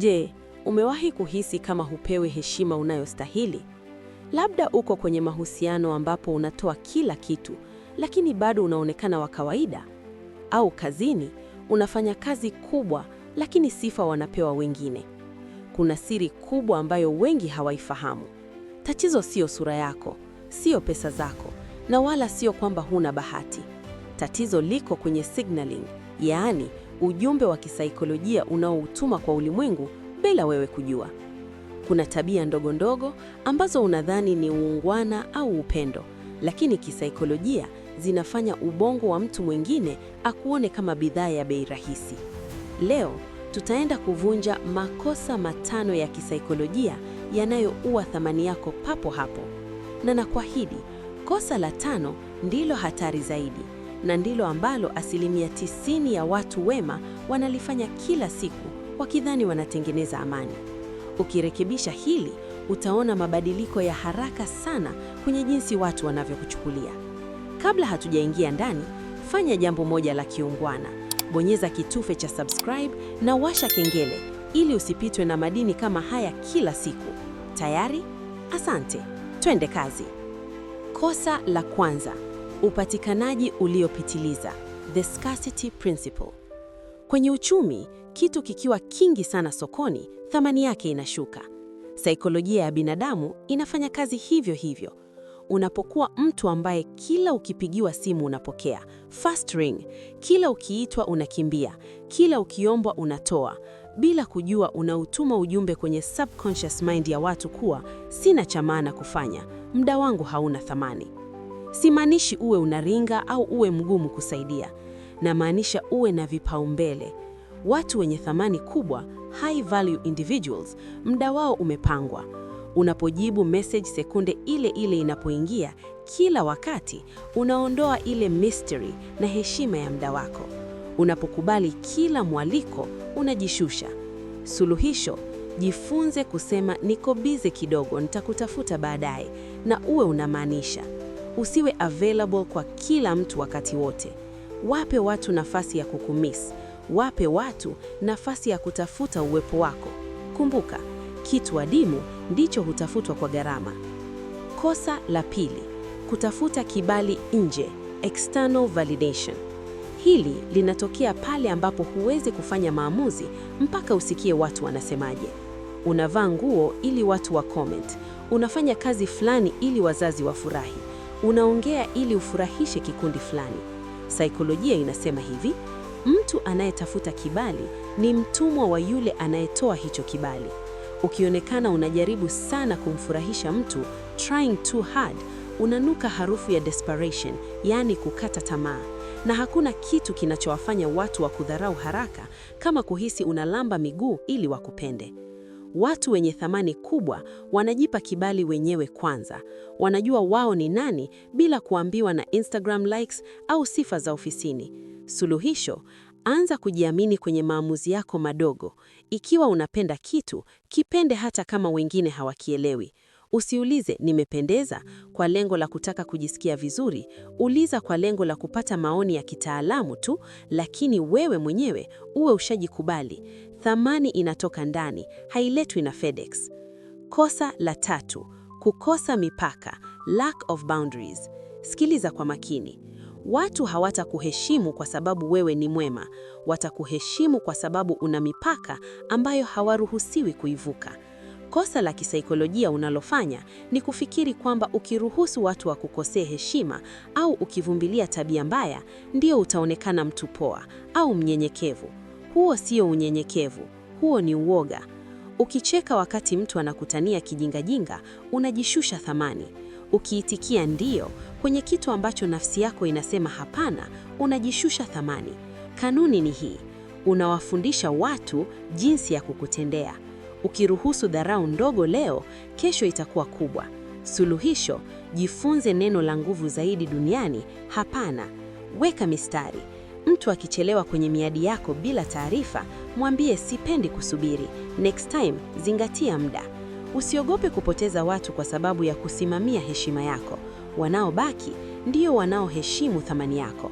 Je, umewahi kuhisi kama hupewi heshima unayostahili? Labda uko kwenye mahusiano ambapo unatoa kila kitu, lakini bado unaonekana wa kawaida. Au kazini unafanya kazi kubwa, lakini sifa wanapewa wengine. Kuna siri kubwa ambayo wengi hawaifahamu. Tatizo sio sura yako, sio pesa zako, na wala sio kwamba huna bahati. Tatizo liko kwenye signaling, yaani ujumbe wa kisaikolojia unaoutuma kwa ulimwengu bila wewe kujua. Kuna tabia ndogo ndogo ambazo unadhani ni uungwana au upendo, lakini kisaikolojia zinafanya ubongo wa mtu mwingine akuone kama bidhaa ya bei rahisi. Leo tutaenda kuvunja makosa matano ya kisaikolojia yanayoua thamani yako papo hapo, na nakuahidi, kosa la tano ndilo hatari zaidi na ndilo ambalo asilimia tisini ya watu wema wanalifanya kila siku, wakidhani wanatengeneza amani. Ukirekebisha hili, utaona mabadiliko ya haraka sana kwenye jinsi watu wanavyokuchukulia. Kabla hatujaingia ndani, fanya jambo moja la kiungwana: bonyeza kitufe cha subscribe na washa kengele ili usipitwe na madini kama haya kila siku. Tayari? Asante, twende kazi. Kosa la kwanza Upatikanaji uliopitiliza, the scarcity principle. Kwenye uchumi, kitu kikiwa kingi sana sokoni, thamani yake inashuka. Saikolojia ya binadamu inafanya kazi hivyo hivyo. Unapokuwa mtu ambaye kila ukipigiwa simu unapokea fast ring, kila ukiitwa unakimbia, kila ukiombwa unatoa, bila kujua unautuma ujumbe kwenye subconscious mind ya watu kuwa sina cha maana kufanya, muda wangu hauna thamani. Simaanishi uwe unaringa au uwe mgumu kusaidia, namaanisha uwe na vipaumbele. Watu wenye thamani kubwa, high value individuals, muda wao umepangwa. Unapojibu message sekunde ile ile inapoingia, kila wakati unaondoa ile mystery na heshima ya muda wako. Unapokubali kila mwaliko, unajishusha. Suluhisho: jifunze kusema niko bize kidogo, nitakutafuta baadaye, na uwe unamaanisha. Usiwe available kwa kila mtu wakati wote. Wape watu nafasi ya kukumiss, wape watu nafasi ya kutafuta uwepo wako. Kumbuka, kitu adimu ndicho hutafutwa kwa gharama. Kosa la pili, kutafuta kibali nje, external validation. Hili linatokea pale ambapo huwezi kufanya maamuzi mpaka usikie watu wanasemaje. Unavaa nguo ili watu wa comment. Unafanya kazi fulani ili wazazi wafurahi. Unaongea ili ufurahishe kikundi fulani. Saikolojia inasema hivi, mtu anayetafuta kibali ni mtumwa wa yule anayetoa hicho kibali. Ukionekana unajaribu sana kumfurahisha mtu, trying too hard, unanuka harufu ya desperation, yaani kukata tamaa. Na hakuna kitu kinachowafanya watu wa kudharau haraka kama kuhisi unalamba miguu ili wakupende. Watu wenye thamani kubwa wanajipa kibali wenyewe kwanza. Wanajua wao ni nani bila kuambiwa na Instagram likes au sifa za ofisini. Suluhisho, anza kujiamini kwenye maamuzi yako madogo. Ikiwa unapenda kitu, kipende hata kama wengine hawakielewi. Usiulize nimependeza kwa lengo la kutaka kujisikia vizuri. Uliza kwa lengo la kupata maoni ya kitaalamu tu, lakini wewe mwenyewe uwe ushajikubali. Thamani inatoka ndani, hailetwi na FedEx. Kosa la tatu, kukosa mipaka, lack of boundaries. Sikiliza kwa makini. Watu hawatakuheshimu kwa sababu wewe ni mwema, watakuheshimu kwa sababu una mipaka ambayo hawaruhusiwi kuivuka. Kosa la kisaikolojia unalofanya ni kufikiri kwamba ukiruhusu watu wa kukosea heshima au ukivumilia tabia mbaya, ndio utaonekana mtu poa au mnyenyekevu. Huo sio unyenyekevu, huo ni uoga. Ukicheka wakati mtu anakutania kijingajinga, unajishusha thamani. Ukiitikia ndiyo kwenye kitu ambacho nafsi yako inasema hapana, unajishusha thamani. Kanuni ni hii, unawafundisha watu jinsi ya kukutendea. Ukiruhusu dharau ndogo leo, kesho itakuwa kubwa. Suluhisho: jifunze neno la nguvu zaidi duniani, hapana. Weka mistari. Mtu akichelewa kwenye miadi yako bila taarifa, mwambie sipendi kusubiri, next time zingatia muda. Usiogope kupoteza watu kwa sababu ya kusimamia heshima yako. Wanaobaki ndio wanaoheshimu thamani yako.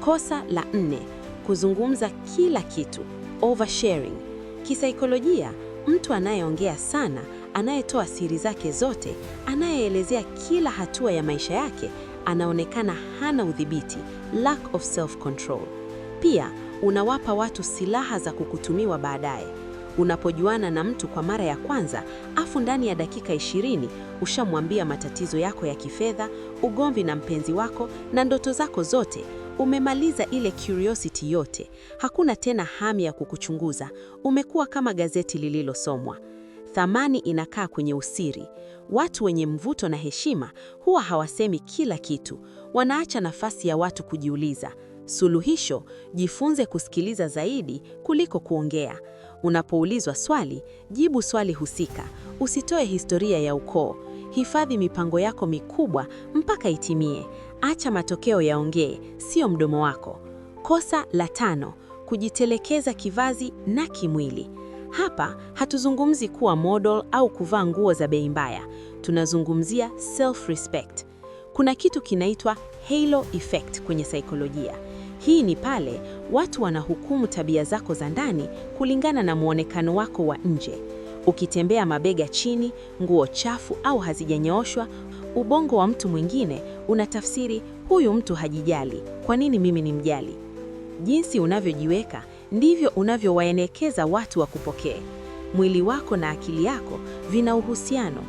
Kosa la nne: kuzungumza kila kitu, oversharing. Kisaikolojia, mtu anayeongea sana, anayetoa siri zake zote, anayeelezea kila hatua ya maisha yake anaonekana hana udhibiti, lack of self control. Pia unawapa watu silaha za kukutumiwa baadaye. Unapojuana na mtu kwa mara ya kwanza, afu ndani ya dakika 20 ushamwambia matatizo yako ya kifedha, ugomvi na mpenzi wako na ndoto zako zote. Umemaliza ile curiosity yote, hakuna tena hamu ya kukuchunguza. Umekuwa kama gazeti lililosomwa. Thamani inakaa kwenye usiri. Watu wenye mvuto na heshima huwa hawasemi kila kitu, wanaacha nafasi ya watu kujiuliza. Suluhisho: jifunze kusikiliza zaidi kuliko kuongea. Unapoulizwa swali, jibu swali husika. Usitoe historia ya ukoo. Hifadhi mipango yako mikubwa mpaka itimie. Acha matokeo yaongee, sio mdomo wako. Kosa la tano: kujitelekeza kivazi na kimwili. Hapa hatuzungumzi kuwa model au kuvaa nguo za bei mbaya, tunazungumzia self respect. Kuna kitu kinaitwa halo effect kwenye saikolojia. Hii ni pale watu wanahukumu tabia zako za ndani kulingana na muonekano wako wa nje. Ukitembea mabega chini, nguo chafu au hazijanyooshwa, ubongo wa mtu mwingine unatafsiri, huyu mtu hajijali, kwa nini mimi ni mjali Jinsi unavyojiweka ndivyo unavyowaenekeza watu wakupokee. Mwili wako na akili yako vina uhusiano,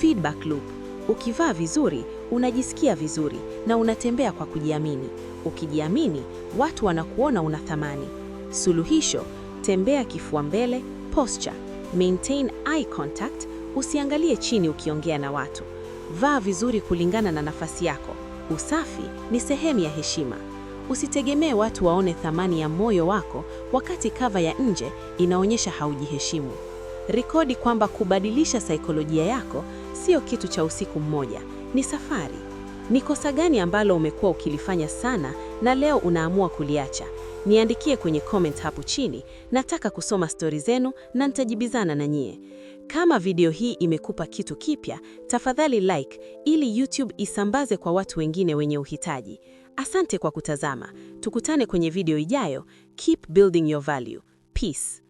feedback loop. Ukivaa vizuri, unajisikia vizuri na unatembea kwa kujiamini. Ukijiamini, watu wanakuona una thamani. Suluhisho: tembea kifua mbele, posture, maintain eye contact, usiangalie chini ukiongea na watu. Vaa vizuri kulingana na nafasi yako. Usafi ni sehemu ya heshima. Usitegemee watu waone thamani ya moyo wako wakati kava ya nje inaonyesha haujiheshimu. Rekodi kwamba kubadilisha saikolojia yako sio kitu cha usiku mmoja, ni safari. Ni kosa gani ambalo umekuwa ukilifanya sana na leo unaamua kuliacha? Niandikie kwenye comment hapo chini. Nataka kusoma stori zenu na nitajibizana na nyie. Kama video hii imekupa kitu kipya, tafadhali like ili YouTube isambaze kwa watu wengine wenye uhitaji. Asante kwa kutazama. Tukutane kwenye video ijayo. Keep building your value. Peace.